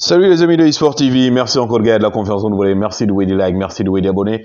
Salut les amis de eSport TV, merci encore gars de la conférence de vous merci de vous des likes, merci de vous des abonner.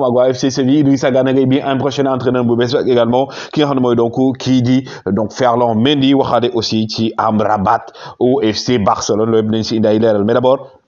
moom ak FC Séville Idrissa Gana Gueye un prochain entraîneur bu bees également qui nga xam donc qui dit donc Ferland Mendy waxaade aussi ci am Rabat au FC Barcelone le yëpp nañ si mais d'abord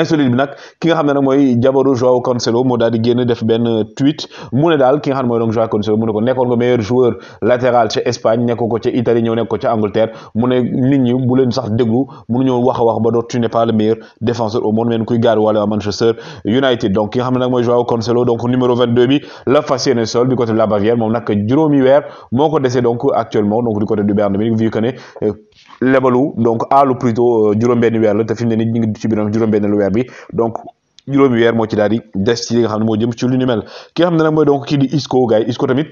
insolite bi nak ki nga xamné ne moy jabaru Joao Cancelo mo daal di génn def ben tweet mu ne daal ki nga xamné moy donc Joao Cancelo mu ne ko nekkoon nga meilleur joueur latéral chez Espagne nekkoon ko ca Italie ñëw nekk ko Angleterre mu ne nit ñi bu leen sax déglu ñu wax wax ba do tu n'es pas le meilleur défenseur au monde même kuy gaari wàlle waa Manchester United donc ki nga xamné nak moy Joao Cancelo donc numéro 22 bi la fasciné sol du côté de la Bavière mom nak juróomi weer moko déssé donc actuellement donc du côté du Bayern Munich vu que né euh, lebalu donc aalu euh, plutôt juróom-benn weer la te fi mu ne nii ñu ci biir juróom-benn weer bi donc juróomi weer moo ci daal di des ci li nga xam ne moo jëm ci lu mel ki nga donc kii Isco gars Isco tamit.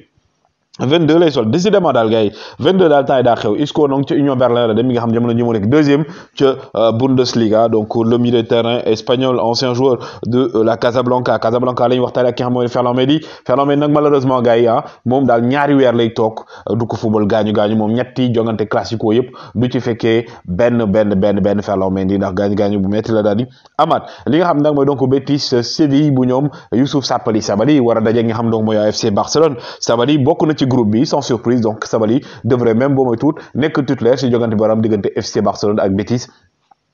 22 lay sol décidément dal gars 22 dal tay da xew Isco donc ci Union Berlin la dem mi nga xam jamono ji moo nekk deuxième ci euh, Bundesliga donc euh, le milieu de terrain espagnol ancien joueur de euh, la Casablanca Casablanca la ñuy waxtaane ak ki nga xam mooy Ferland Mendy Ferland malheureusement gars yi ah, mom dal ñaari weer lay tok du ko football gañu gañu mom ñetti jongante classico yëpp du ci fekkee Ben Ben Ben Ben Ferland Mendy ndax gaañu gañu bu metti la dal di amaat li nga xam nak moy donc Betis Séville bu ñom Youssouf Sabaly sabali wara dajé nga xam donc moy fc Barcelone sabali bokku na groupe sans surprise donc Sabali devrait même tout, tout que toute l'air si jogante baram de FC Barcelone avec Betis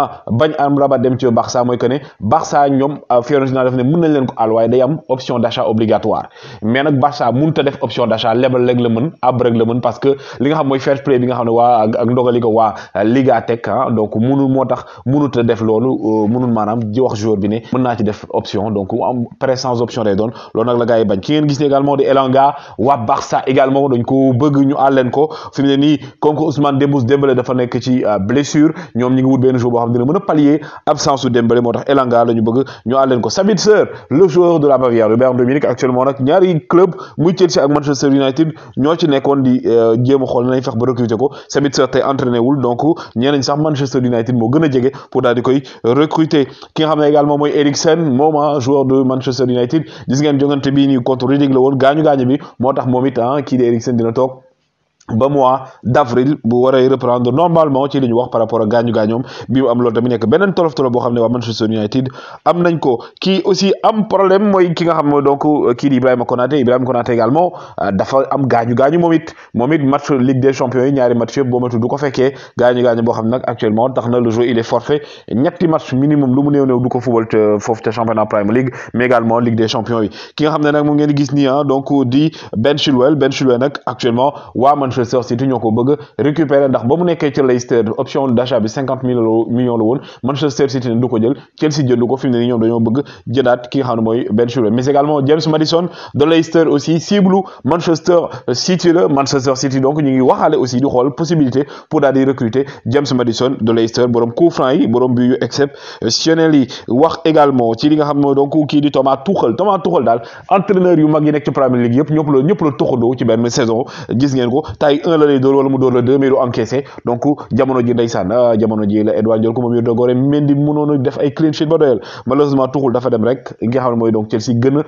a bañ am rabat dem ci Barça mooy que ne ñoom euh, Fiorentina def ne mën nañ leen ko àll waaye option d'achat obligatoire mais nag Barça mënut a def option d'achat lebal mën euh, ah, moo tax mënut a def loolu euh, mënul maanaam di wax joueur bi ne mën naa ci def option donc am option day doon loolu nag la bañ ki ngeen gis ne également di Elanga waa Barça également dañ ko bëgg ñu àll leen ko fi ne nii comme que Ousmane Dembélé dafa nekk ci blessure ñoom xam dina mën a pallier absence su Dembélé moo Elanga lañu bëgg ñu ànd leen ko Sabitzer le joueur de la Bavière Robert Bayern actuellement nak ñaari club muy Chelsea ak Manchester United ñoo ci nekkoon di euh, jëm xol xool nañ fex ba recruter ko Sabitzer tay entraîné wul donc ñeneen sax Manchester United mo gëna jëgé pour dal di koy recruter ki nga xamné ne également moy Eriksen moma ah, joueur de Manchester United gis ngeen jogante bi ni contre Reading la won gañu gañu bi motax momit hein ki ah Eriksen dina tok ba mois d'avril avril bu waree reprendre normalement ci li ñu wax par rapport ak gaañu gaañoom bi mu am loolu tamit nekk beneen tolof tolof boo xam ne waa Manchester United am nañ ko kii aussi am problème mooy ki nga xam ne donc euh, kii di Ibrahima Konaté Ibrahima Konaté également euh, dafa am gaañu gaañu moom it moom it match Ligue des Champions yi ñaari match yëpp boo matu du ko fekkee gaañu gaañu boo xam ne nag actuellement tax na le joueur il est forfait ñetti match minimum lu mu néew néew du ko football euh, foofu te championnat Premier League mais également Ligue des Champions yi ki nga xam ne nag moom ngeen gis nii ah donc di Ben Chilwell Ben Chilwell nag actuellement waa Manchester Manchester City ñoo ko bëgg récupérer ndax ba mu nekkee ci Leicester option d'achat bi 50 millions de woon Manchester City ne du pas jël Chelsea jëndu ko fi mu ne nii ñoom dañoo bëgg jëlaat ki nga Ben Chilwell mais également James Maddison de Leicester aussi cible Manchester City le Manchester City donc ñu ngi waxaale aussi di xool possibilité pour d'aller recruter James Maddison de Leicester borom coup franc yi borom bi yu exceptionnel yi wax également ci li nga xam donc kii di Thomas Tuchel Thomas Tuchel d'al entraîneur yu mag yi nekk ci Premier League yëpp ñëpp la ñëpp la tuxandoo ci saison gis ngeen ko taille 1 la lay wala mu la encaissé donc jamono ji ndaysan ah, jamono ji Edouard ko def ay clean sheet malheureusement tout dafa dem rek nga xam donc Chelsea gën a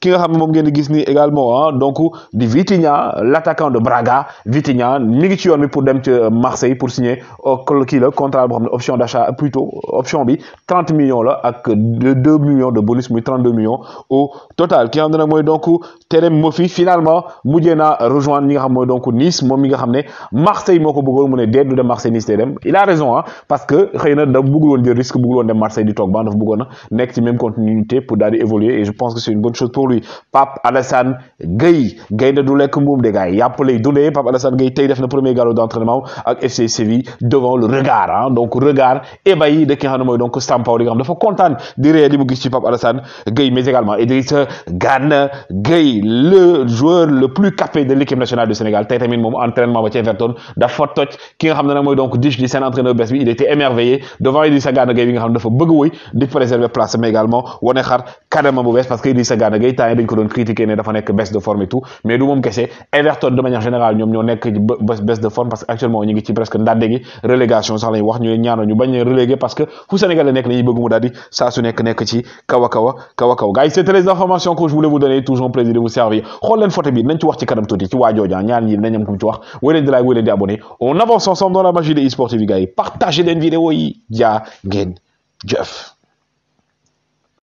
ki également ah, donc di Vitinha l'attaquant de Braga Vitinha mi ngi pour dem Marseille pour signer euh, le contrat option d'achat plutôt option bi 30 millions la ak 2 millions de bonus muy 32 millions au total Qui nga xam donc Terem Mofi finalement moujena rejoindre donc Nice moom mi nga xamné Marseille moko ko bëggoon mu ne déet du de Marseille Nice dem il a raison hein, parce que xeyna da bëggul won jël risque bëggul won dem Marseille di tok ba dafa bëggoon a ci même continuité pour d'aller évoluer et je pense que c'est une bonne chose pour lui Pape Alassane Gueye gaynde du lek mbuum de gars yi yàpp lay dundee Pape Alassane Gueye tay def na premier galop d'entraînement ak FC Séville devant le regard hein, donc regard ébahi de ki nga xam donc Sampaoli nga xam dafa kontaan di ree li mu gis ci Pape Alassane Gueye mais également Idrissa Gana Gueye le joueur le plus capé de l'équipe nationale du Sénégal tamit moom entraînement ba ci Everton dafa toj ki nga xam ne nag mooy donc Dish di seen entraîneur bés bi il était émerveillé devant Idi Sagana Gueye bi nga xam ne dafa bëgg woy di préserver place mais également wane xar kadama bu bees parce que Idi Sagana Gueye temps yi dañ ko doon critiquer ne dafa nekk baisse de forme et tout mais du moom kese Everton de manière générale ñoom ñoo nekk baisse de forme parce que actuellement ñu ngi ci presque ndàdde gi relégation sax lañ wax ñu ñaanoo ñu bañ relégué parce que fu Sénégal la nekk la bëgg mu daal di saa su nekk nekk ci kawa kawa kawa kawa kaw gars yi c'était les informations que je voulais vous donner toujours plaisir de vous servir xool leen photo bi nañ ci wax ci kanam tuuti ci waajooja ñaan yi comme toi ku ci wax woy leen di on avance ensemble dans la magie des e-sports gars partagez les vidéos yi y'a ngeen Jeff.